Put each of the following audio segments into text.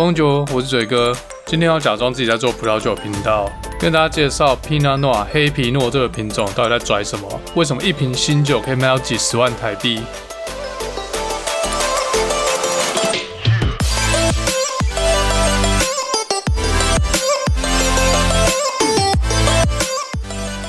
紅酒，Bonjour，我是嘴哥，今天要假裝自己在做葡萄酒頻道，跟大家介紹 Pinot Noir 黑皮諾這個品種到底在拽什麼？為什麼一瓶新酒可以賣到幾十萬台幣？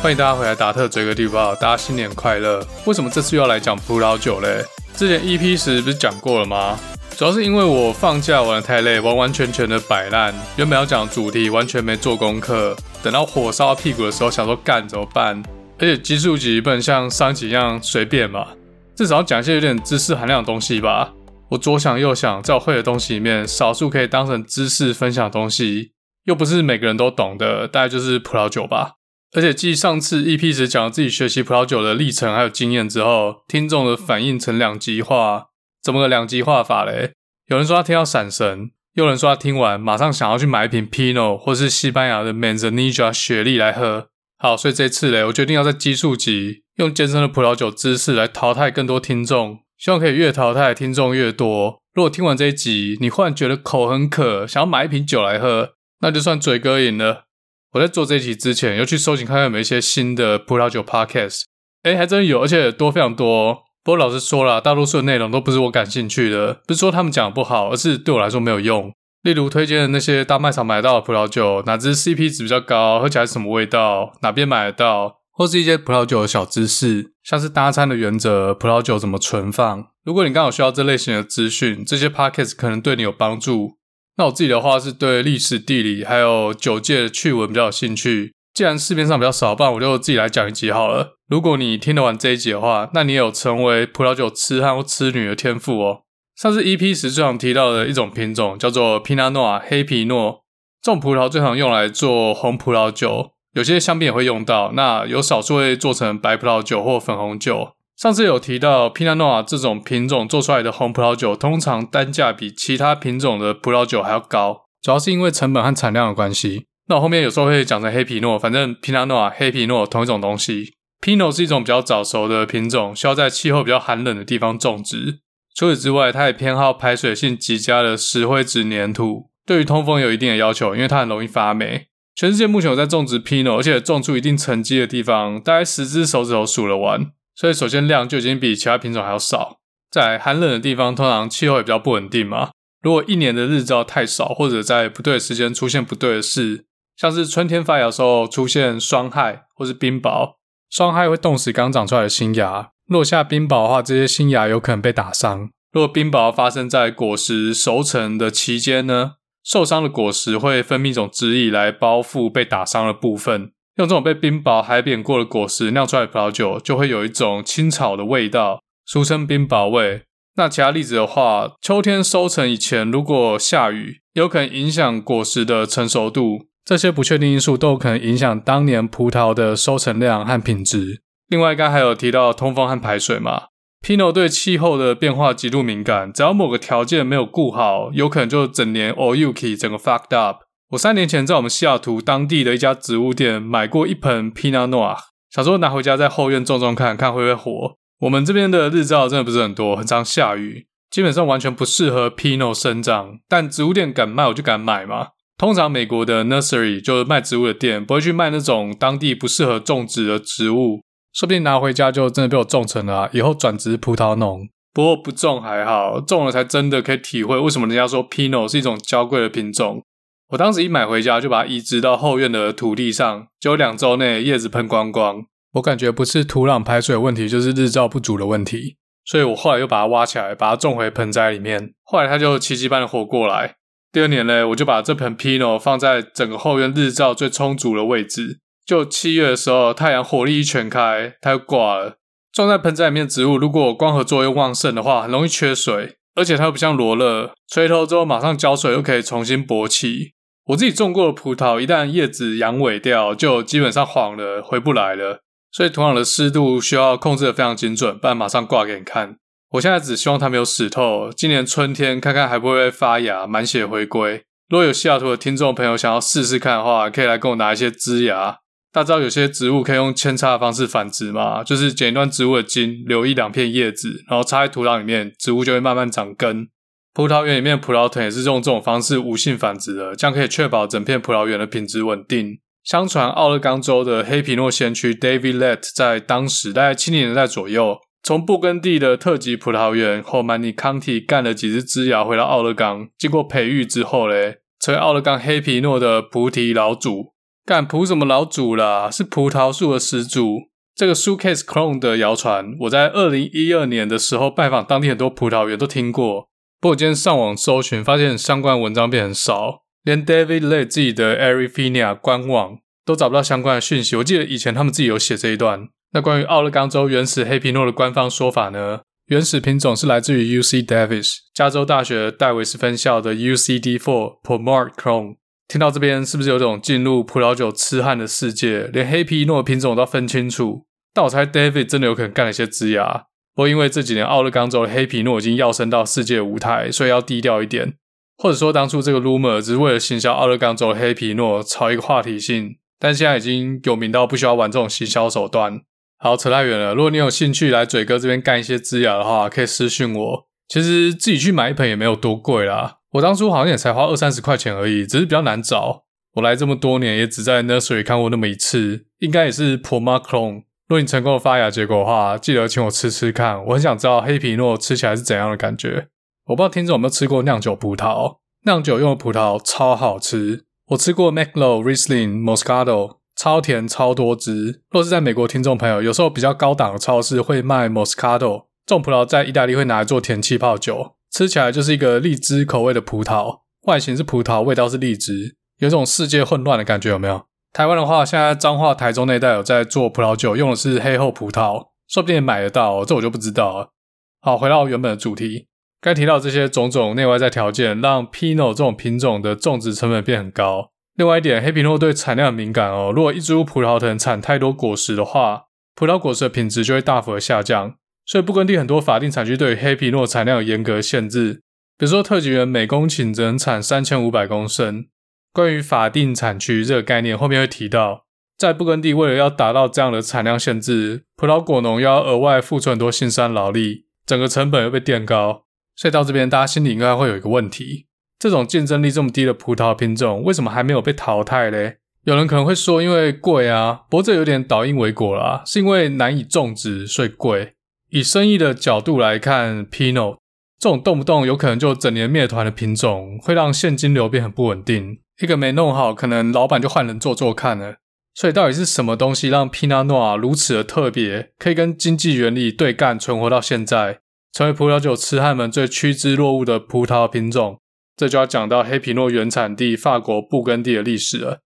歡迎大家回來達特嘴哥地圖砲。大家新年快樂！為什麼這次又要來講葡萄酒嘞？之前 EP 時不是講過了嗎？主要是因為我放假玩得太累，完完全全的擺爛。原本要講主題，完全沒做功課。等到火燒到屁股的時候，想說幹怎麼辦？而且級數級不能像三級一,一樣隨便吧？至少要講一些有點知識含量的東西吧。我左想右想，在我會的東西裡面，少數可以當成知識分享的東西，又不是每個人都懂的，大概就是葡萄酒吧。而且繼上次 EP 時講自己學習葡萄酒的歷程還有經驗之後，聽眾的反應呈兩極化。怎麼個兩極化法嘞？有人說他聽到閃神，又有人說他聽完馬上想要去買一瓶 Pinot 或是西班牙的 Manzanilla 雪莉來喝。好，所以這次嘞，我決定要在基數級用艱深的葡萄酒知識來淘汰更多聽眾，希望可以越淘汰聽眾越多。如果聽完這一集，你忽然覺得口很渴，想要買一瓶酒來喝，那就算嘴哥贏了。我在做這一集之前，又去搜集看看有沒有一些新的葡萄酒 podcast，哎、欸，還真有，而且多非常多、哦。不過老實說啦，大多數的內容都不是我感興趣的。不是說他們講的不好，而是對我來說沒有用。例如推薦的那些大賣場買到的葡萄酒，哪支 CP 值比較高，喝起來是什麼味道，哪邊買得到，或是一些葡萄酒的小知識，像是搭餐的原則、葡萄酒怎麼存放。如果你剛好需要這類型的資訊，這些 podcast 可能對你有幫助。那我自己的話，是對歷史、地理還有酒界的趣聞比較有興趣。既然市面上比較少，不然我就自己來講一集好了。如果你聽得完這一集的話，那你也有成為葡萄酒痴漢或痴女的天賦哦。上次 EP 時最常提到的一種品種叫做 Pinot Noir，黑皮諾這種葡萄最常用來做紅葡萄酒，有些香檳也會用到。那有少數會做成白葡萄酒或粉紅酒。上次有提到 Pinot Noir 這種品種做出來的紅葡萄酒，通常單價比其他品種的葡萄酒還要高，主要是因為成本和產量的關係。那我後面有時候會講成黑皮諾，反正 Pinot Noir 黑皮諾同一種東西。Pinot 是一種比較早熟的品種，需要在氣候比較寒冷的地方種植。除此之外，它也偏好排水性極佳的石灰質粘土對於通風也有一定的要求，因為它很容易發霉。全世界目前有在種植 Pinot，而且種出一定成績的地方，大概十只手指頭數了完，所以首先量就已經比其他品種還要少。在寒冷的地方，通常氣候也比較不穩定嘛。如果一年的日照太少，或者在不對的時間出現不對的事，像是春天發芽的時候出現霜害或是冰雹。霜害會凍死剛長出來的新芽，落下冰雹的話，這些新芽有可能被打傷。若冰雹發生在果實熟成的期間呢，受傷的果實會分泌一種汁液來包覆被打傷的部分。用這種被冰雹海扁過的果實釀出來的葡萄酒，就會有一種青草的味道，俗稱冰雹味。那其他例子的話，秋天收成以前如果下雨，有可能影響果實的成熟度。這些不確定因素都有可能影響當年葡萄的收成量和品質。另外，剛才還有提到通風和排水嘛？Pinot 對氣候的變化極度敏感，只要某個條件沒有顧好，有可能就整年 o Yuki 整個 fucked up。我三年前在我們西雅圖當地的一家植物店買過一盆 Pinot Noir，想說拿回家在後院種種看看會不會活。我們這邊的日照真的不是很多，很常下雨，基本上完全不適合 Pinot 生長。但植物店敢賣，我就敢買嘛。通常美國的 nursery 就是賣植物的店，不會去賣那種當地不適合種植的植物。說不定拿回家就真的被我種成了啊，以後轉植葡萄農。不過不種還好，種了才真的可以體會為什麼人家說 Pinot 是一種嬌貴的品種。我當時一買回家就把它移植到後院的土地上，結果兩周內葉子噴光光。我感覺不是土壤排水的問題，就是日照不足的問題。所以我後來又把它挖起來，把它種回盆栽裡面。後來它就奇蹟般的活過來。第二年呢，我就把這盆 Pinot 放在整個後院日照最充足的位置。就七月的時候，太陽火力一全開，它又掛了。種在盆栽裡面的植物，如果光合作用旺盛的話，很容易缺水，而且它又不像羅勒，垂頭之後馬上澆水又可以重新勃起。我自己種過的葡萄，一旦葉子陽痿掉，就基本上黃了，回不來了。所以土壤的濕度需要控制得非常精準，不然馬上掛給你看。我現在只希望它沒有死透，今年春天看看還會不會發芽，滿血回歸。如果有西雅圖的聽眾朋友想要試試看的話，可以來跟我拿一些枝芽。大家知道有些植物可以用扦插的方式繁殖嗎？就是剪一段植物的莖，留一兩片葉子，然後插在土壤裡面，植物就會慢慢長根。葡萄園裡面的葡萄藤也是用這種方式無性繁殖的，這樣可以確保整片葡萄園的品質穩定。相傳，奧勒岡州的黑皮諾先驅 David Lett 在當時，大概七零年代左右。從布根地的特級葡萄園後曼尼康蒂幹了幾隻枝芽，回到奧勒岡，經過培育之後嘞，成為奧勒岡黑皮諾的菩提老祖。幹菩什麼老祖啦？是葡萄樹的始祖。這個 suitcase clone 的謠傳，我在二零一二年的時候拜訪當地很多葡萄園都聽過，不過我今天上網搜尋，發現相關的文章變很少，連 David Lett 自己的 Arifinia、e、官網都找不到相關的訊息。我記得以前他們自己有寫這一段。那關於奧勒岡州原始黑皮諾的官方說法呢？原始品種是來自於 UC Davis 加州大學戴維斯分校的 UCD Four Pommard Clone。聽到這邊是不是有種進入葡萄酒痴漢的世界，連黑皮諾的品種我都分清楚？但我猜 David 真的有可能幹了一些枝芽，不過因為這幾年奧勒岡州的黑皮諾已經躍升到世界舞台，所以要低調一點。或者說當初這個 rumor 只是為了行銷奧勒岡州的黑皮諾，炒一個話題性，但現在已經有名到不需要玩這種行銷手段。好，扯太遠了。如果你有興趣來嘴哥這邊幹一些枝芽的話，可以私訊我。其實自己去買一盆也沒有多貴啦。我當初好像也才花二三十塊錢而已，只是比較難找。我來這麼多年，也只在 nursery 看過那麼一次，應該也是 Pommard clone。若你成功的發芽結果的話，記得請我吃吃看。我很想知道黑皮諾吃起來是怎樣的感覺。我不知道聽眾有沒有吃過釀酒葡萄？釀酒用的葡萄超好吃。我吃過 Maclo Riesling Moscato。超甜超多汁。若是在美國，聽眾朋友有時候比較高檔的超市會賣 Moscato，這種葡萄在意大利會拿來做甜氣泡酒，吃起來就是一個荔枝口味的葡萄，外形是葡萄，味道是荔枝，有種世界混亂的感覺，有沒有？台灣的話，現在彰化台中那一帶有在做葡萄酒，用的是黑後葡萄，說不定也買得到喔，這我就不知道了。好，回到原本的主題，該提到這些種種內外在條件，讓 Pinot 這種品種的種植成本變很高。另外一點，黑皮諾對產量敏感哦。如果一株葡萄藤產太多果實的話，葡萄果實的品質就會大幅的下降。所以布根地很多法定產區對於黑皮諾產量有嚴格的限制，比如說特級園每公頃只能產三千五百公升。關於法定產區這個概念，後面會提到。在布根地，為了要達到這樣的產量限制，葡萄果農要額外付出很多辛酸勞力，整個成本又被墊高。所以到這邊，大家心裡應該會有一個問題。這種競爭力這麼低的葡萄品種，為什麼還沒有被淘汰嘞？有人可能會說，因為貴啊。不過這有點倒因為果啦，是因為難以種植，所以貴。以生意的角度來看，Pinot 這種動不動有可能就整年滅團的品種，會讓現金流變很不穩定。一個沒弄好，可能老板就換人做做看了。所以到底是什麼東西讓 Pinot Noir 啊如此的特別，可以跟經濟原理對幹，存活到現在，成為葡萄酒痴漢們最趨之若鶩的葡萄品種？這就要講到黑皮諾原產地法國布根地的歷史了。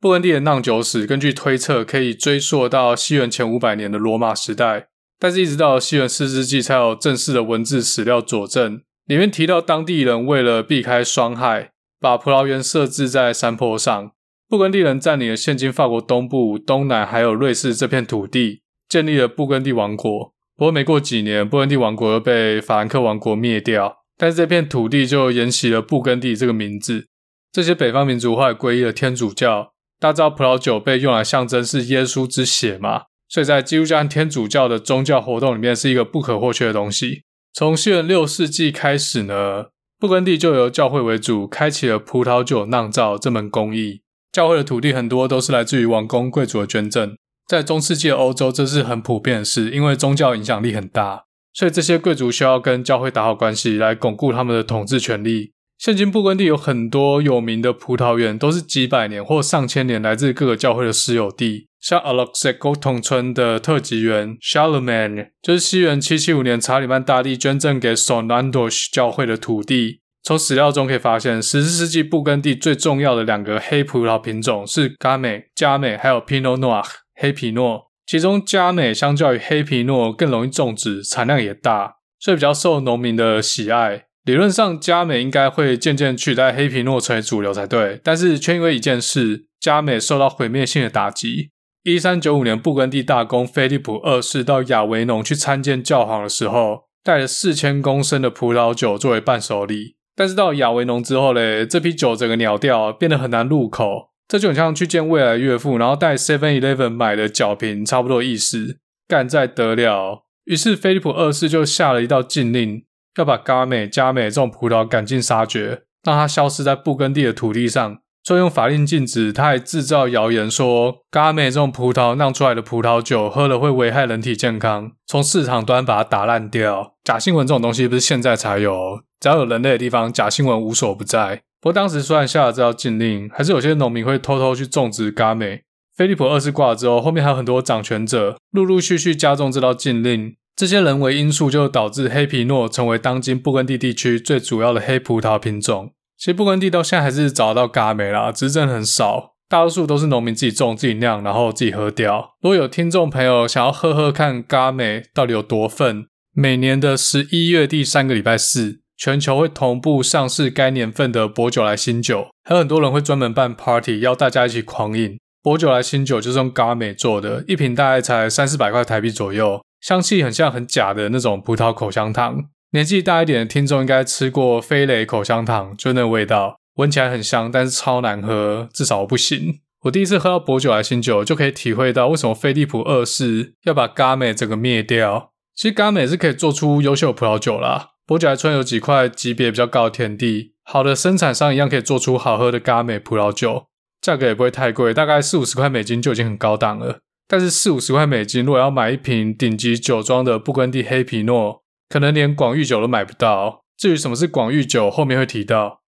布根地的釀酒史，根據推測可以追溯到西元前五百年的羅馬時代，但是，一直到西元四世紀才有正式的文字史料佐證。裡面提到，當地人為了避開霜害，把葡萄園設置在山坡上。布根地人佔領了現今法國東部、東南還有瑞士這片土地，建立了布根地王國。不過，沒過幾年，布根地王國又被法蘭克王國滅掉。但是這片土地就沿襲了布根地這個名字。這些北方民族後來皈依了天主教，大家知道葡萄酒被用來象徵是耶穌之血嘛？所以在基督教和天主教的宗教活動裡面是一個不可或缺的東西。從西元六世紀開始呢，布根地就由教會為主開啟了葡萄酒釀造這門工藝。教會的土地很多都是來自於王公貴族的捐贈，在中世紀的歐洲這是很普遍的事，因為宗教影響力很大。所以這些貴族需要跟教會打好關係，來鞏固他們的統治權力。現今布根地有很多有名的葡萄園，都是幾百年或上千年來自各個教會的私有地，像 Aloxe-Corton 村的特級園 Charlemagne，就是西元七七五年查理曼大帝捐贈給 Saint-Andoche 教會的土地。從史料中可以發現，十四世紀布根地最重要的兩個黑葡萄品種是 Gamay、佳美，還有 Pinot Noir、no ir, 黑皮諾。其中，佳美相較於黑皮諾更容易種植，產量也大，所以比較受農民的喜愛。理論上，佳美應該會漸漸取代黑皮諾成為主流才對，但是卻因為一件事，佳美受到毀滅性的打擊。一三九五年，布根地大公菲利普二世到亞維農去參見教皇的時候，帶了四千公升的葡萄酒作為伴手禮。但是到亞維農之後嘞，這批酒整個鳥掉，變得很難入口。這就像去見未來岳父，然後帶 Seven Eleven 買的角瓶，差不多意思，干在得了。於是菲利普二世就下了一道禁令，要把嘎美、加美這種葡萄趕盡殺絕，讓它消失在布根地的土地上。所以用法令禁止，他還制造謠言說，嘎美這種葡萄釀出來的葡萄酒喝了會危害人體健康，從市場端把它打爛掉。假新聞這種東西不是現在才有哦，只要有人類的地方，假新聞無所不在。不過當時雖然下了這道禁令，還是有些農民會偷偷去種植嘎美。菲利普二世掛了之後，後面還有很多掌權者陸陸續續加重這道禁令。這些人為因素就導致黑皮諾成為當今布根地地區最主要的黑葡萄品種。其實布根地到現在還是找得到嘎美啦，只是很少，大多數都是農民自己種、自己釀，然後自己喝掉。如果有聽眾朋友想要喝喝看嘎美到底有多份，每年的十一月第三個禮拜四。全球會同步上市該年份的薄酒來新酒，還有很多人會專門辦 party，邀大家一起狂飲。薄酒來新酒就是用嘎美做的，一瓶大概才三四百塊台幣左右，香氣很像很假的那種葡萄口香糖。年紀大一點的聽眾應該吃過飛壘口香糖，就那味道，聞起來很香，但是超難喝，至少我不行。我第一次喝到薄酒來新酒，就可以體會到為什麼菲利浦二世要把嘎美這個滅掉。其實嘎美是可以做出優秀葡萄酒啦。薄酒萊村有幾塊級別比較高的田地，好的生產商一樣可以做出好喝的嘎美葡萄酒，價格也不會太貴，大概四五十塊美金就已經很高檔了。但是四五十塊美金，如果要買一瓶頂級酒莊的布根地黑皮諾，可能連廣域酒都買不到。至於什麼是廣域酒，後面會提到。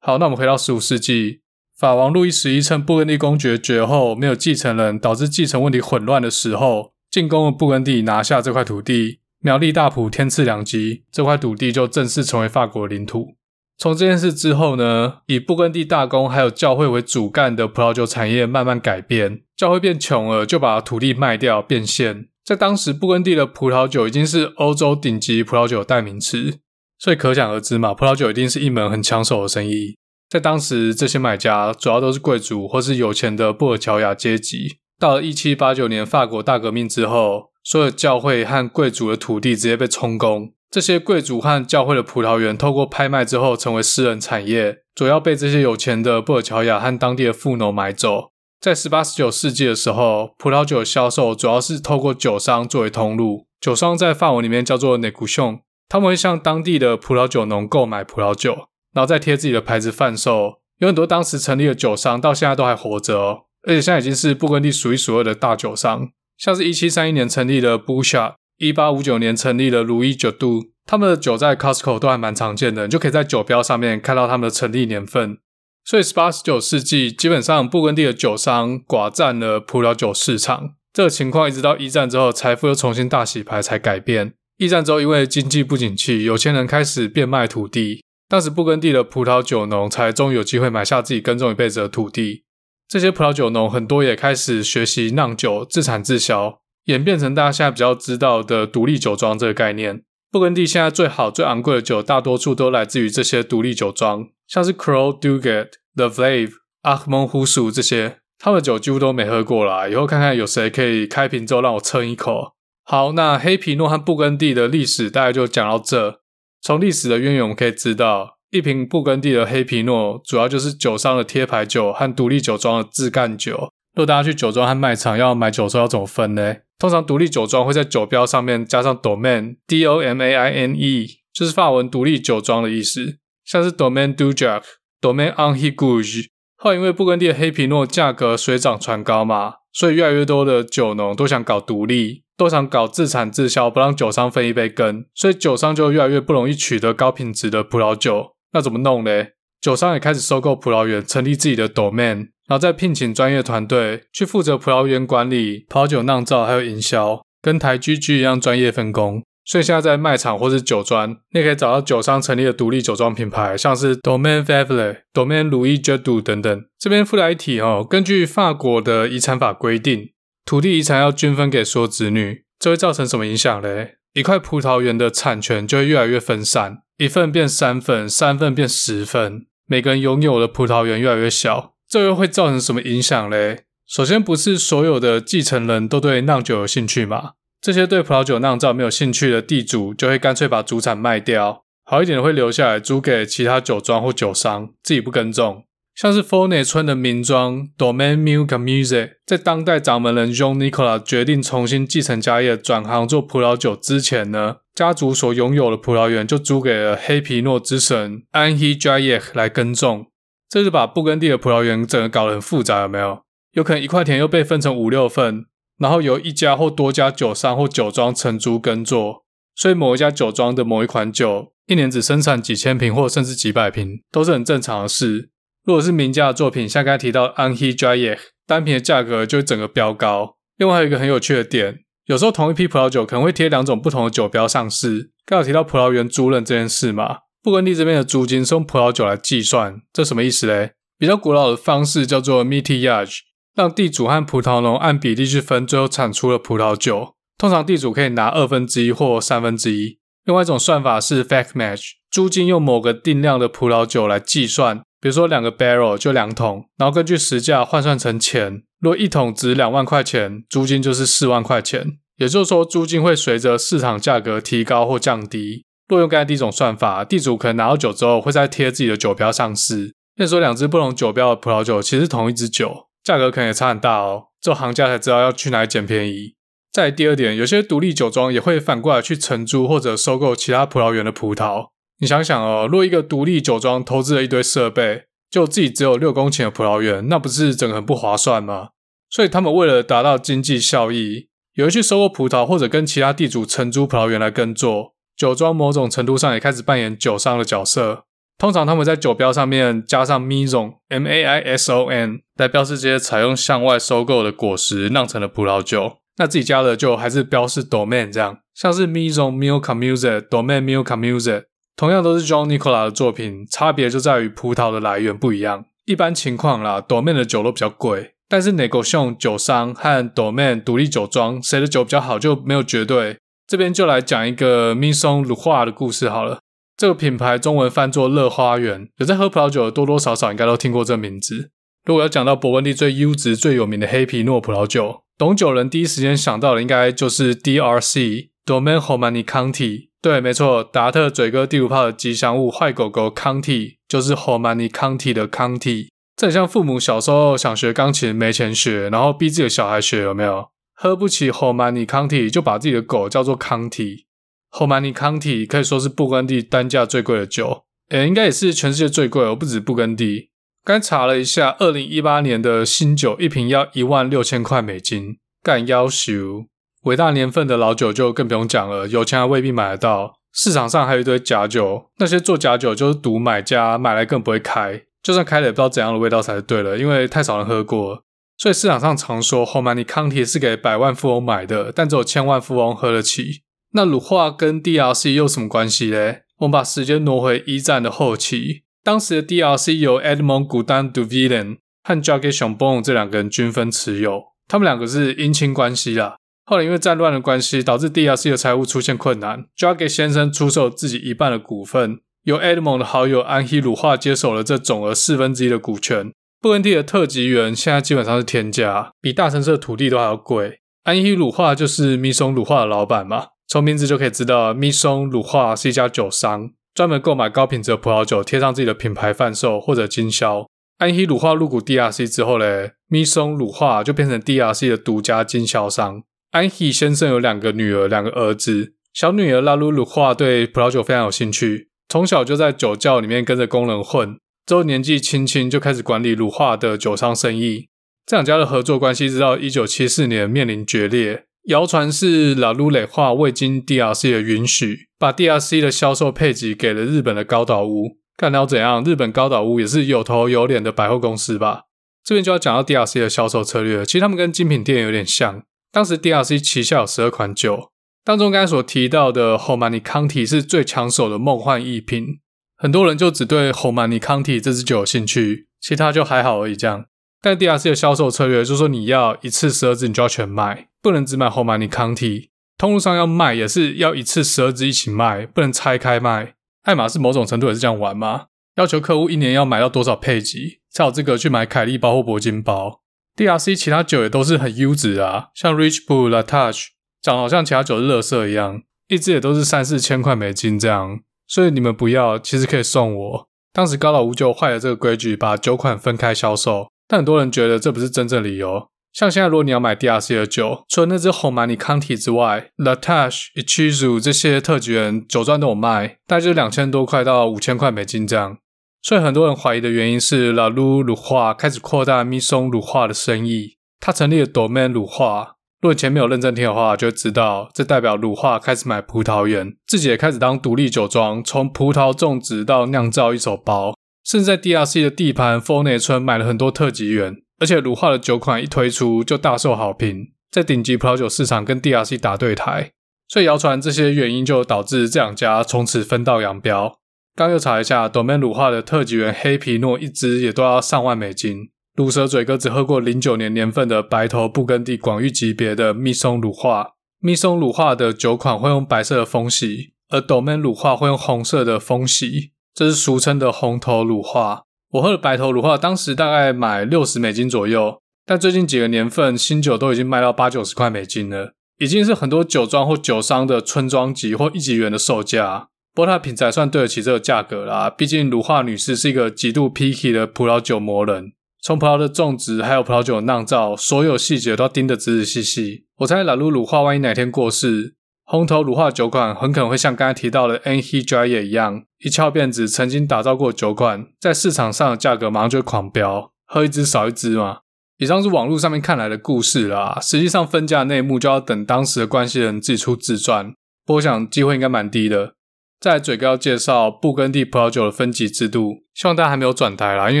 好，那我們回到十五世紀，法王路易十一趁布根地公爵絕、絕後沒有繼承人，導致繼承問題混亂的時候，進攻了布根地，拿下這塊土地。苗栗大埔天賜良機，這塊土地就正式成為法國的領土。從這件事之後呢，以布根地大公還有教會為主幹的葡萄酒產業慢慢改變，教會變窮了，就把土地賣掉變現。在當時，布根地的葡萄酒已經是歐洲頂級葡萄酒的代名詞，所以可想而知嘛，葡萄酒一定是一門很搶手的生意。在當時，這些買家主要都是貴族或是有錢的布爾喬亞階級。到了一七八九年法國大革命之後。所有教會和貴族的土地直接被充公，這些貴族和教會的葡萄園透過拍賣之後成為私人產業，主要被這些有錢的布爾喬亞和當地的富農買走。在十八十九世紀的時候，葡萄酒的銷售主要是透過酒商作為通路，酒商在法文裡面叫做 négociant，他們會向當地的葡萄酒農購買葡萄酒，然後再貼自己的牌子販售。有很多當時成立的酒商到現在都還活着、哦，而且現在已經是布根地數一數二的大酒商。像是1731年成立的 Bouchard，1859年成立的 Louis Jadot，他們的酒在 Costco 都還蠻常見的，你就可以在酒標上面看到他們的成立年份。所以十八、十九世紀，基本上布根地的酒商寡占了葡萄酒市場，這個情況一直到一戰之後，財富又重新大洗牌才改變。一戰之後，因為經濟不景氣，有錢人開始變賣土地，當時布根地的葡萄酒農才終於有機會買下自己耕種一輩子的土地。這些葡萄酒農很多也開始學習釀酒，自產自銷，演變成大家現在比較知道的獨立酒莊這個概念。勃艮第現在最好、最昂貴的酒，大多數都來自於這些獨立酒莊，像是 c r o w d u g o g e The v a u v e Armand o u s s 這些。他們的酒幾乎都沒喝過啦，以後看看有誰可以開瓶之後讓我蹭一口。好，那黑皮諾和布根地的歷史，大概就講到這。從歷史的淵源，源，我們可以知道。一瓶布根地的黑皮諾，主要就是酒商的貼牌酒和獨立酒莊的自幹酒。若大家去酒莊和賣場要買酒的時候，要怎麼分呢？通常獨立酒莊會在酒標上面加上 Domaine，D-O-M-A-I-N-E，就是法文“獨立酒莊”的意思。像是 Domaine Dujac，Domaine Henri Gouges。後因為布根地的黑皮諾價格水漲船高嘛，所以越來越多的酒農都想搞獨立，都想搞自產自銷，不讓酒商分一杯羹，所以酒商就越來越不容易取得高品質的葡萄酒。那怎麼弄嘞？酒商也開始收購葡萄園，成立自己的 Domain，然後再聘請專業團隊去負責葡萄園管理、泡酒釀造還有營銷，跟台 G G 一樣專業分工。所以現在在賣場或是酒莊，你也可以找到酒商成立的獨立酒莊品牌，像是 Domaine Faiveley、Domaine Louis Jadot 等等。這邊附帶一提哦，根據法國的遺產法規定，土地遺產要均分給所有子女，這會造成什麼影響嘞？一塊葡萄園的產權就會越來越分散。一份變三份，三份變十份，每個人擁有的葡萄園越來越小，這又會造成什麼影響嘞？首先，不是所有的繼承人都對釀酒有興趣嘛？這些對葡萄酒釀造沒有興趣的地主，就會乾脆把主產賣掉；好一點的會留下來租給其他酒莊或酒商，自己不耕種。像是佛內村的名莊 Domaine Méo-Camuzet 在當代掌門人 Jean-Nicolas 決定重新繼承家業，轉行做葡萄酒之前呢，家族所擁有的葡萄園就租給了黑皮諾之神 Henri Jayer 來耕種。這是把布根地的葡萄園整個搞得很複雜，有沒有？有可能一塊田又被分成五六份，然後由一家或多家酒商或酒莊承租耕作。所以某一家酒莊的某一款酒，一年只生產幾千瓶或甚至幾百瓶，都是很正常的事。如果是名家的作品，像剛才提到 a n h e u a e r 單品的價格就會整個飆高。另外還有一個很有趣的點，有時候同一批葡萄酒可能會貼兩種不同的酒標上市。剛剛有提到葡萄園租人這件事嘛，布根地這邊的租金是用葡萄酒來計算，這什麼意思嘞？比較古老的方式叫做 Mitiage，讓地主和葡萄農按比例去分最後產出了葡萄酒，通常地主可以拿二分之一或三分之一。另外一種算法，是 Fact Match，租金用某個定量的葡萄酒來計算。比如說兩個 barrel 就兩桶，然後根據時價換算成錢。如果一桶值兩萬塊錢，租金就是四萬塊錢。也就是說，租金會隨着市場價格提高或降低。若用剛才第一種算法，地主可能拿到酒之後，會再貼自己的酒標上市。那時候兩支不同酒標的葡萄酒，其實同一支酒，價格可能也差很大哦。這行家才知道要去哪裡撿便宜。再來第二點，有些獨立酒莊也會反過來去承租或者收購其他葡萄園的葡萄。你想想哦，若一個獨立酒莊投資了一堆設備，就自己只有六公頃的葡萄園，那不是整個很不划算嗎？所以他們為了達到經濟效益，有人去收購葡萄，或者跟其他地主承租葡萄園來耕作。酒莊某種程度上也開始扮演酒商的角色。通常他們在酒標上面加上 Maison，M-A-I-S-O-N 來標示這些採用向外收購的果實釀成的葡萄酒。那自己家的就還是標示 Domain 這樣，像是 Maison Mio Camuset、Domain Mio Camuset。同樣都是 John Nicola 的作品，差別就在於葡萄的來源不一樣。一般情況啦，Domain 的酒都比較貴，但是 Negociant 酒商和 Domain 獨立酒莊誰的酒比較好就沒有絕對。這邊就來講一個 Maison Leroy 的故事好了。這個品牌中文翻作《樂花園》，有在喝葡萄酒的多多少少應該都聽過這名字。如果要講到勃艮第最優質、最有名的黑皮諾葡萄酒，懂酒人第一時間想到的應該就是 DRC。Domaine Romanée-Conti，對，沒錯，達特嘴哥第五炮的吉祥物壞狗狗 Conti，就是 Romanée-Conti 的 Conti。這很像父母小時候想學鋼琴沒錢學，然後逼自己的小孩學，有沒有？喝不起 Romanée-Conti，就把自己的狗叫做 Conti。Romanée-Conti 可以說是布根地單價最貴的酒，也應該也是全世界最貴，哦，而不止布根地。剛才查了一下，二零一八年的新酒一瓶要一萬六千塊美金，幹夭壽。要求偉大年份的老酒就更不用講了，有錢還未必買得到。市場上還有一堆假酒，那些做假酒就是賭買家，買來更不會開。就算開了也不知道怎樣的味道才是對的，因為太少人喝過。所以市場上常說，Romanée-Conti 是給百萬富翁買的，但只有千萬富翁喝得起。那魯化跟 DRC 又有什麼關係嘞？我們把時間挪回一戰的後期，當時的 DRC 由 Edmond Gaudin de Villaine 和 Jacques Chambon 這兩個人均分持有，他們兩個是姻親關係啦。後來因為戰亂的關係，導致 DRC 的財務出現困難，Jacques 先生出售自己一半的股份，由 Edmond 的好友安希魯化接手了這總額四分之一的股權。布根地的特級園現在基本上是天價，比大城市的土地都還要貴。安希魯化就是密松魯化的老板嘛，從名字就可以知道了，密松魯化是一家酒商，專門購買高品質的葡萄酒，貼上自己的品牌販售或者經銷。安希魯化入股 DRC 之後呢，密松魯化就變成 DRC 的獨家經銷商。安希先生有兩個女兒，兩個兒子。小女兒拉魯魯化對葡萄酒非常有興趣，從小就在酒窖裡面跟着工人混，之後年紀輕輕就開始管理魯化的酒商生意。這兩家的合作關係直到一九七四年面臨決裂，謠傳是拉魯蕾化未經 DRC 的允許，把 DRC 的銷售配給給了日本的高島屋。看到怎樣？日本高島屋也是有頭有臉的百貨公司吧？這邊就要講到 DRC 的銷售策略了。其實他們跟精品店有點像。當時 DRC 旗下有十二款酒，當中剛才所提到的 Romanée-Conti 是最搶手的夢幻逸品。很多人就只對 Romanée-Conti 這支酒有興趣，其他就還好而已這樣。但 DRC 的銷售策略就是說你要一次十二支，你就要全賣，不能只買 Romanée-Conti。通路上要賣也是要一次十二支一起賣，不能拆開賣。愛馬仕某種程度也是這樣玩嘛，要求客戶一年要買到多少配級，才有資格去買凱利包或鉑金包。DRC 其他酒也都是很優質啊，像 Rich Bull、l a t a e h 長得好像其他酒的垃圾一樣，一支也都是三四千塊美金這樣。所以你們不要，其實可以送我。當時高老五就壞了這個規矩，把酒款分開銷售，但很多人覺得這不是真正理由。像現在，如果你要買 DRC 的酒，除了那只紅 u 尼康 y 之外 l a t t s h h Ichizu 這些特級人，酒莊都有賣，大概就兩千多塊到五千塊美金這樣。所以很多人懷疑的原因是，拉魯魯化開始擴大密松魯化的生意。他成立了 Domain 魯化。如果前面沒有認真聽的話，就會知道這代表魯化開始買葡萄園，自己也開始當獨立酒莊，從葡萄種植到釀造一手包。甚至在 DRC 的地盤豐內村買了很多特級園。而且魯化的酒款一推出就大受好評，在頂級葡萄酒市場跟 DRC 打對台。所以謠傳這些原因就導致這兩家從此分道揚鑣。剛又查一下，Domain 乳化的特級園黑皮諾，一支也都要上萬美金。魯蛇嘴哥只喝過零九年年份的白頭布根地廣域級別的密松乳化，密松乳化的酒款會用白色的封洗，而 Domain 乳化會用紅色的封洗，這是俗稱的紅頭乳化。我喝的白頭乳化，當時大概買六十美金左右，但最近幾個年份新酒都已經賣到八九十塊美金了，已經是很多酒莊或酒商的村莊級或一級園的售價。波特品質還算對得起這個價格啦，畢竟魯化女士是一個極度 picky 的葡萄酒魔人，從葡萄的種植還有葡萄酒的釀造，所有細節都盯得仔仔細細。我猜老魯魯化萬一哪天過世，烘頭魯化酒款很可能會像剛才提到的 Henri Jayer 一樣，一翹辮子曾經打造過酒款，在市場上價格馬上就會狂飆，喝一支少一支嘛。以上是網絡上面看來的故事啦，實際上分家內幕就要等當時的關係人自己出自傳，不過我想機會應該蠻低的。再嘴哥要介紹布根地葡萄酒的分級制度，希望大家還沒有轉台啦，因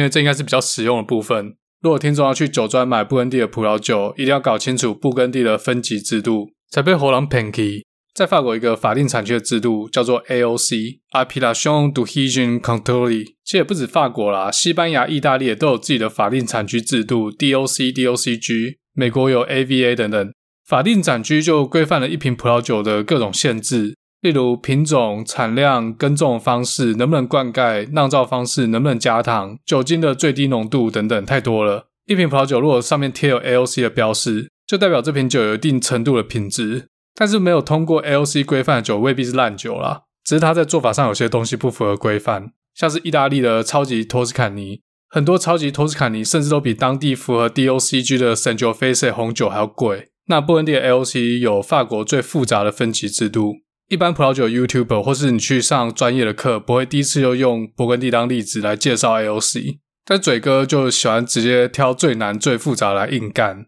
為這應該是比較實用的部分。如果聽眾要去酒莊買布根地的葡萄酒，一定要搞清楚布根地的分級制度。才被猴狼抨擊，在法國一個法定產區的制度叫做 AOC，Appellation d'Origine Contrôlée，其實也不止法國啦，西班牙、意大利也都有自己的法定產區制度 DOC、DOCG，DO 美國有 AVA 等等。法定產區就規範了一瓶葡萄酒的各種限制。例如品種、產量、耕種方式，能不能灌溉，釀造方式，能不能加糖、酒精的最低濃度等等，太多了。一瓶葡萄酒如果上面貼有 AOC 的標識，就代表這瓶酒有一定程度的品質，但是沒有通過 AOC 規範的酒未必是爛酒啦。只是它在做法上有些東西不符合規範。像是意大利的超級托斯卡尼，很多超級托斯卡尼甚至都比當地符合 D O C G 的 Sangiovese 紅酒還要貴。那布根地的 AOC 有法國最複雜的分級制度。一般葡萄酒 YouTuber 或是你去上專業的課，不會第一次就用勃艮第當例子來介紹 LC，但嘴哥就喜歡直接挑最難最複雜的來硬幹。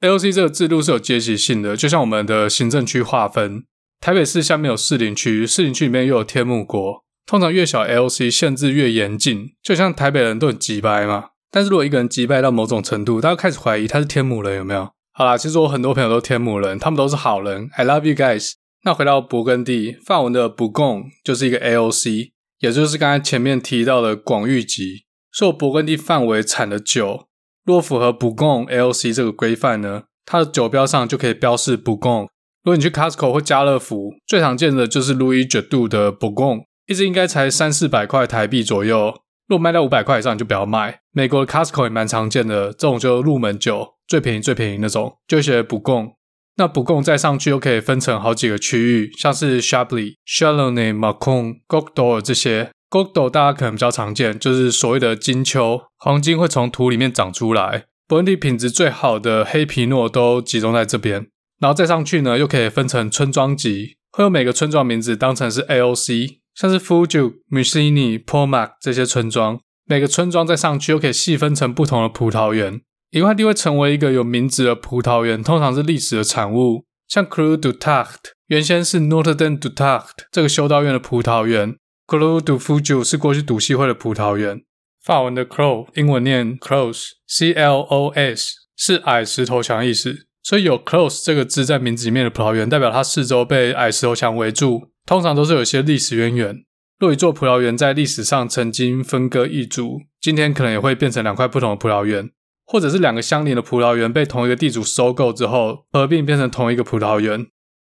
LC 這個制度是有階級性的，就像我們的行政區劃分，台北市下面有士林區，士林區裡面又有天母國。通常越小 LC 限制越嚴謹，就像台北人都很機掰嘛，但是如果一個人機掰到某種程度，大家開始懷疑他是天母人有沒有。好啦，其實我很多朋友都天母人，他們都是好人，I love you guys。那回到勃艮第，範文的布貢就是一個 AOC，也就是剛才前面提到的廣域級，是我勃艮第範圍產的酒。如果符合布貢 AOC 這個規範呢，它的酒標上就可以標示布貢。如果你去 Costco 或家樂福，最常見的就是 Louis Jadot 的布貢，一支應該才三四百塊台幣左右。如果賣到五百塊以上，就不要賣。美國的 Costco 也蠻常見的，這種就是入門酒，最便宜最便宜那種，就一些布貢。那不共再上去又可以分成好幾個區域，像是 Chablis、Chalonnaise、Mâcon、Côte d'Or 這些。Côte d'Or 大家可能比較常見，就是所謂的金丘，黃金會從土裡面長出來，本地品質最好的黑皮諾都集中在這邊。然後再上去呢，又可以分成村莊級，會有每個村莊名字當成是 AOC，像是 Vougeot、Musigny、Pommard 這些村莊。每個村莊再上去又可以細分成不同的葡萄園。一塊地會成為一個有名字的葡萄園，通常是歷史的產物。像 Clos du Tart，原先是 Notre Dame du Tart 這個修道院的葡萄園；Clos du Foujou 是過去賭戲會的葡萄園。法文的 Clos 英文念 Close，C L O S，是矮石頭牆的意思。所以有 Close 這個字在名字裡面的葡萄園，代表它四周被矮石頭牆圍住，通常都是有一些歷史淵源。若一座葡萄園在歷史上曾經分割一族，今天可能也會變成兩塊不同的葡萄園。或者是兩個相鄰的葡萄園被同一個地主收購之後合併變成同一個葡萄園，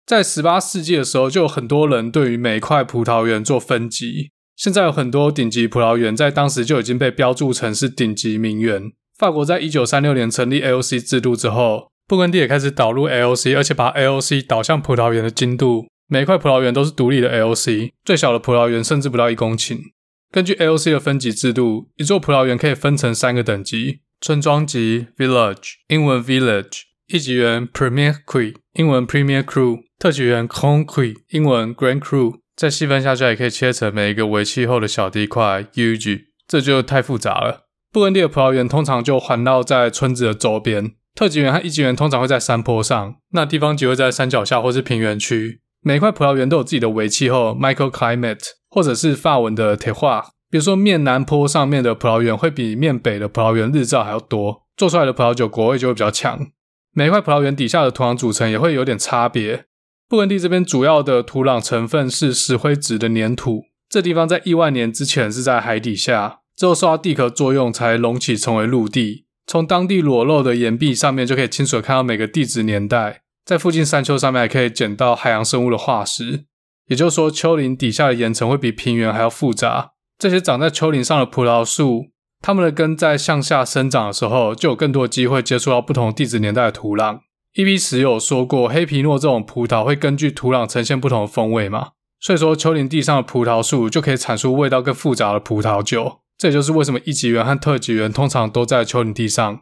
在十八世紀的時候，就有很多人對於每一塊葡萄園做分級。現在有很多頂級葡萄園在當時就已經被標註成是頂級名園。法國在一九三六年成立 AOC 制度之後，布根地也開始導入 AOC，而且把 AOC 導向葡萄園的精度，每一塊葡萄園都是獨立的 AOC，最小的葡萄園甚至不到一公頃。根據 AOC 的分級制度，一座葡萄園可以分成三個等級。村莊級 （village），英文 village；一級園 （premier cu），英文 premier crew；特級園 o n c n e t e 英文 grand crew。再細分下去，也可以切成每一個微氣候的小地塊 h u g 這就太複雜了。布恩地的葡萄園通常就環繞在村子的周邊，特級園和一級園通常會在山坡上，那地方就會在山腳下或是平原區。每一塊葡萄園都有自己的微氣候 （micro climate） 或者是發文的貼畫。比如說，面南坡上面的葡萄園會比面北的葡萄園日照還要多，做出來的葡萄酒果味就會比較強。每一塊葡萄園底下的土壤組成也會有點差別。布根地這邊主要的土壤成分是石灰質的粘土，這地方在億萬年之前是在海底下，之後受到地殼作用才隆起成為陸地。從當地裸露的岩壁上面就可以清楚地看到每個地質年代。在附近山丘上面還可以撿到海洋生物的化石，也就是說，丘陵底下的岩層會比平原還要複雜。這些長在丘陵上的葡萄樹，它們的根在向下生長的時候，就有更多的機會接觸到不同地質年代的土壤。EP10 有說過，黑皮諾這種葡萄會根據土壤呈現不同的風味嘛，所以說丘陵地上的葡萄樹就可以產出味道更複雜的葡萄酒。這也就是為什麼一級園和特級園通常都在丘陵地上。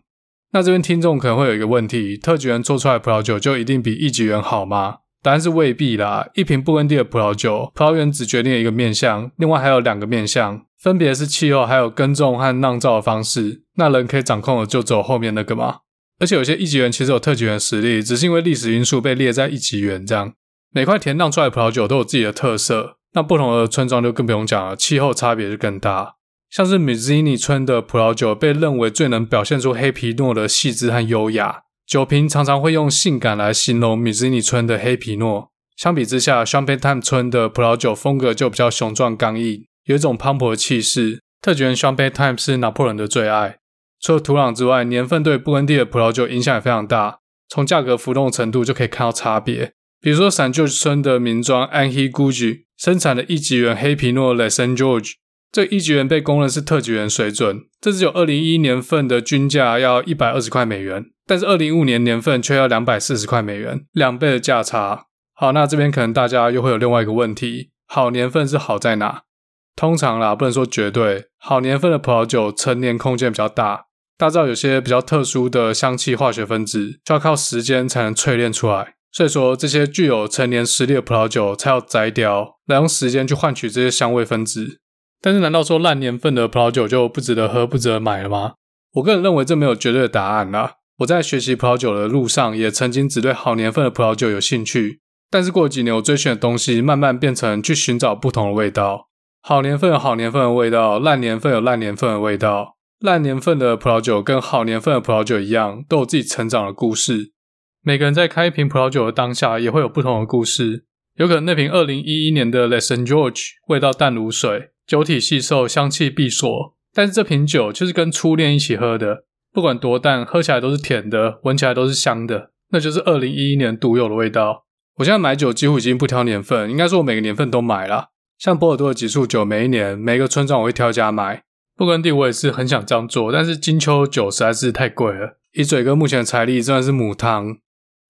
那這邊聽眾可能會有一個問題：特級園做出來葡萄酒就一定比一級園好嗎？答案是未必啦，一瓶不溫地的葡萄酒，葡萄園只決定了一個面相，另外還有兩個面相，分別是氣候，還有耕種和釀造的方式。那人可以掌控的就走後面那個嘛。而且有些一級園其實有特級園實力，只是因為歷史因素被列在一級園這樣。每塊田釀出來的葡萄酒都有自己的特色，那不同的村莊就更不用講了，氣候差別就更大。像是 m u s i 尼村的葡萄酒被認為最能表現出黑皮諾的細致和優雅。酒瓶常常會用性感來形容米 n i 村的黑皮諾，相比之下，h 香貝 e 村的葡萄酒風格就比較雄壯剛毅，有一種磅礴氣勢。特級園 i m e 是拿破崙的最愛。除了土壤之外，年份對布恩地的葡萄酒影響也非常大，從價格浮動的程度就可以看到差別。比如說，閃舊村的名莊 g u j i 生產的一級園黑皮諾 Les s a n George。這一級園被公認是特級園水準，這支酒二零一一年份的均價要一百二十塊美元，但是二零一五年年份卻要兩百四十塊美元，兩倍的價差。好，那這邊可能大家又會有另外一個問題：好年份是好在哪？通常啦，不能說絕對。好年份的葡萄酒陳年空間比較大，大到有些比較特殊的香氣化學分子需要靠時間才能淬煉出來，所以說這些具有陳年實力的葡萄酒才要摘掉，來用時間去換取這些香味分子。但是，難道說爛年份的葡萄酒就不值得喝、不值得買了嗎？我個人認為這沒有絕對的答案啦、啊。我在學習葡萄酒的路上，也曾經只對好年份的葡萄酒有興趣。但是過幾年，我追尋的東西慢慢變成去尋找不同的味道。好年份有好年份的味道，爛年份有爛年份的味道。爛年份的葡萄酒跟好年份的葡萄酒一樣，都有自己成長的故事。每個人在開一瓶葡萄酒的當下，也會有不同的故事。有可能那瓶二零一一年的 Les Saint Georges 味道淡如水。酒體細瘦，香氣閉鎖，但是這瓶酒就是跟初戀一起喝的，不管多淡，喝起來都是甜的，聞起來都是香的，那就是二零一一年獨有的味道。我現在買酒幾乎已經不挑年份，應該說我每個年份都買了，像波爾多的幾束酒，每一年每一個村莊我會挑家買。布根地我也是很想這樣做，但是金秋酒實在是太貴了，以嘴哥目前的財力真的是母湯，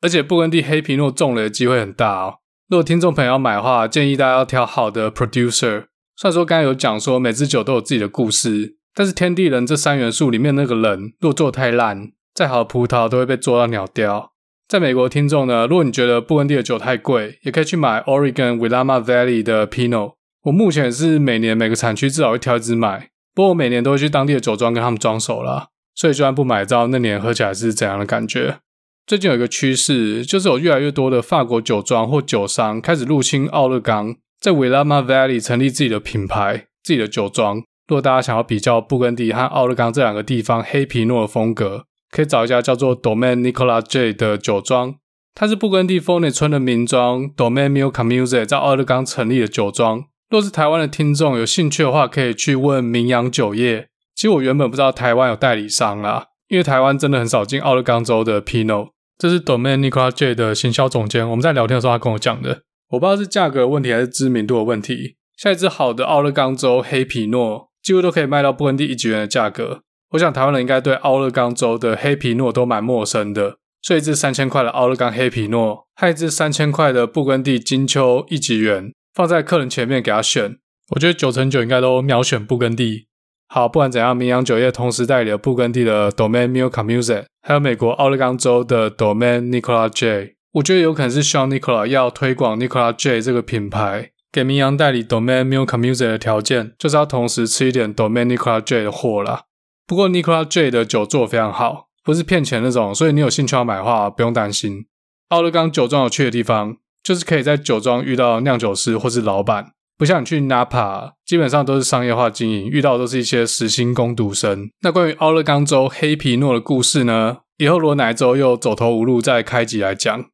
而且布根地黑皮諾中雷的機會很大哦。如果聽眾朋友要買的話，建議大家要挑好的 producer。雖然說剛才有講說每支酒都有自己的故事，但是天地人這三元素裡面那個人若做得太爛，再好的葡萄都會被做到鳥掉。在美國聽眾呢，如果你覺得布根地的酒太貴，也可以去買 Oregon Willamette Valley 的 Pinot。我目前也是每年每個產區至少會挑一支買，不過我每年都會去當地的酒莊跟他們裝熟了，所以就算不買，知道那年喝起來是怎樣的感覺。最近有一個趨勢，就是有越來越多的法國酒莊或酒商開始入侵奧勒岡。在維拉馬 Valley 成立自己的品牌、自己的酒莊。如果大家想要比較布根地和奧勒岡這兩個地方黑皮諾的風格，可以找一家叫做 Domain Nicolas J 的酒莊，它是布根地 Vosne 村的名莊 Domain Méo-Camuzet 在奧勒岡成立的酒莊。若是台灣的聽眾有興趣的話，可以去問名揚酒業。其實我原本不知道台灣有代理商啦，因為台灣真的很少進奧勒岡州的皮諾。這是 Domain Nicolas J 的行銷總監，我們在聊天的時候，他跟我講的。我不知道是價格的問題還是知名度的問題，下一支好的奧勒岡州黑皮諾幾乎都可以賣到布根地一級園的價格。我想台灣人應該對奧勒岡州的黑皮諾都蠻陌生的，所以一支三千塊的奧勒岡黑皮諾，還一支三千塊的布根地金秋一級園，放在客人前面給他選，我覺得九成九應該都秒選布根地。好，不管怎樣，名揚酒業同時代理了布根地的 Domaine Méo-Camuzet，還有美國奧勒岡州的 Domaine Nicolas-Jay。我覺得有可能是 Jean-Nicolas 要推廣 Nicolas-Jay 這個品牌給民揚代理 Domaine Méo-Camuzet 的條件，就是要同時吃一點 Domaine Nicolas-Jay 的貨啦。不過 Nicolas-Jay 的酒做得非常好，不是騙錢那種，所以你有興趣要買的話，不用擔心。奧勒岡酒莊有趣的地方，就是可以在酒莊遇到釀酒師或是老闆，不像你去 Napa，基本上都是商業化經營，遇到的都是一些時薪工讀生。那關於奧勒岡州黑皮諾的故事呢？以後羅乃州又走投無路再開集來講。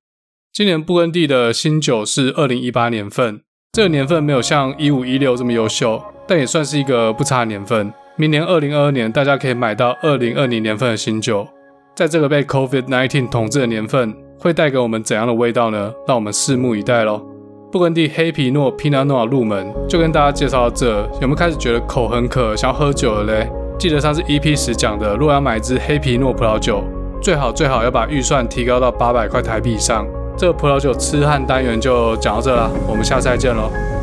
今年布根地的新酒是二零一八年份，這個年份沒有像一五一六這麼優秀，但也算是一個不差的年份。明年二零二二年，大家可以買到二零二零年份的新酒。在這個被 Covid nineteen 統治的年份，會帶給我們怎樣的味道呢？讓我們拭目以待咯。布根地黑皮諾皮納諾入門，就跟大家介紹到這。有沒有開始覺得口很渴，想要喝酒了嘞？記得上次 EP 時講的，如果要買一支黑皮諾葡萄酒，最好最好要把預算提高到八百塊台幣以上。這個葡萄酒癡漢單元就講到這了，我們下次再見嘍。